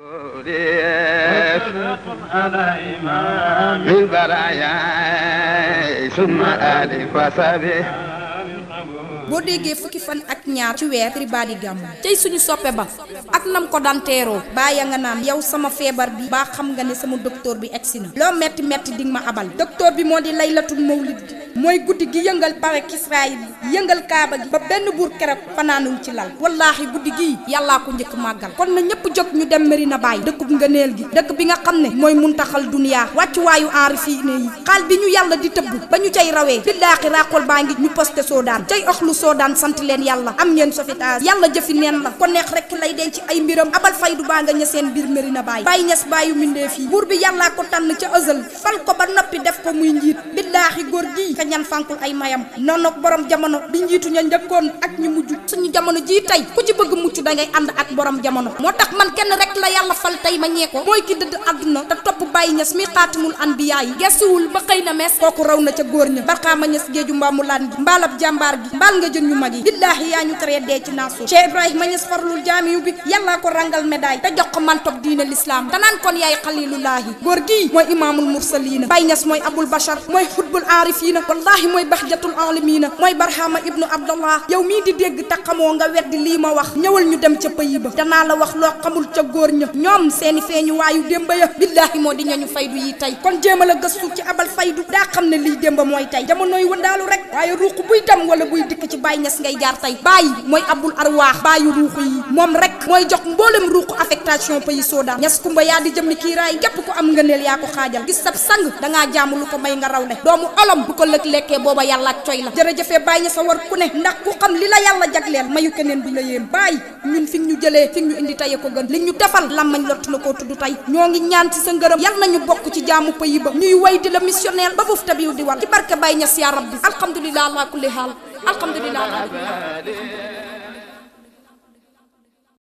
على إمام bo déggee fukki fan ak ñaar ci weer tri gam gàmm cey suñu soppe ba ak nam ko daan teeroo bàyya nga naan yow sama feebar bi baa xam nga ne sama docteur bi egsi na loo metti metti ding ma abal docteur bi moo di laylatul mawlid gi mooy guddi gi yëngal barek Israayil yëngal kaaba gi ba benn buur keroog fanaanul ci lal wallaahi guddi gii yàllaa ko njëkk màggal kon na ñëpp jóg ñu dem Medina Baye dëkkub ngëneel gi dëkk bi nga xam ne mooy muntaxal duniyaa wàccuwaayu enrifiné yi xaal bi ñu yàlla di tëbb ba ñu cay rawee billaahi raaxol baa ngi ñu posté soodaan cay oxlu soodaan sant leen yàlla am ngeen sofitage yàlla jëfi neen la ko neex rek lay denc ay mbiram abal faydu baa nga ña seen biir Medina bi yàllaa ko ba noppi def ko muy njiit ñan fànkul ay mayam noonu nag borom jamono bi njiitu ña njëkkoon ak ñu mujj ñu jamono jii tey ku ci bëgg mucc da ngay ànd ak borom jamono moo tax man kenn rek la yàlla fal tey ma ñee ko mooy ki dëdd àdduna te topp bàyyi ñas mi xaatimul anbiyaa yi gestuwul ba xëy na mees kooku raw na ca góor ña barxaama ñas géeju mbaamu laan gi mbaalab jàmbaar gi mbaal nga jën ñu mag yi billaahi yaa ñu tere dee ci naasu Cheikh Ibrahima ñas farlul jaamiyu bi yàllaa ko rangal médaille te jox ko mantob diine lislaam te naan kon yaay xalilullaahi góor gii mooy imaamul mursaliina bàyyi ñas mooy abul bachar mooy xutbul aarifiina wallaahi mooy baxjatul alamiina mooy barxaama ibnu abdallah yow mii di dégg te xamoo nga weddi lii ma wax ñëwal ñu dem ca pays ba danaa la wax loo xamul ca góor ña ñoom seeni feeñu waayu démba ya billaahi moo di ñañu faydu yi tey kon jéemal a gëstu ci abal faydu daa xam ne lii démba mooy tey jamonooy wëndaalu rek waaye ruuq buy dem wala buy dikk ci Baay Ñas ngay jaar tey Baay mooy abul arwaax baayu mooy jox mboolem ruuq affectation pays soda ñas kumba yaa di jëm ni kiiraay gépp ko am ngëneel yaa ko xaajal gis sab sang jaamu lu ko may nga raw le doomu olom bu ko lëg lekkee booba yàlla ak coy la jërëjëfee Baay Ñas a war ku ne ndax ku xam li la yàlla jagleel mayu keneen du la yéem Baay ñun fi ñu jëlee fi ñu indi tey ko gën li ñu defal làmmañ lott na koo tudd tey ñoo ngi ñaan ci sa ngërëm yal nañu bokk ci jaamu payi ba ñuy way di la missionnaire ba foofu tabiw di war ci barke Baye Niass yaa rabbi alhamdulilah ala kulli haal alhamdulilah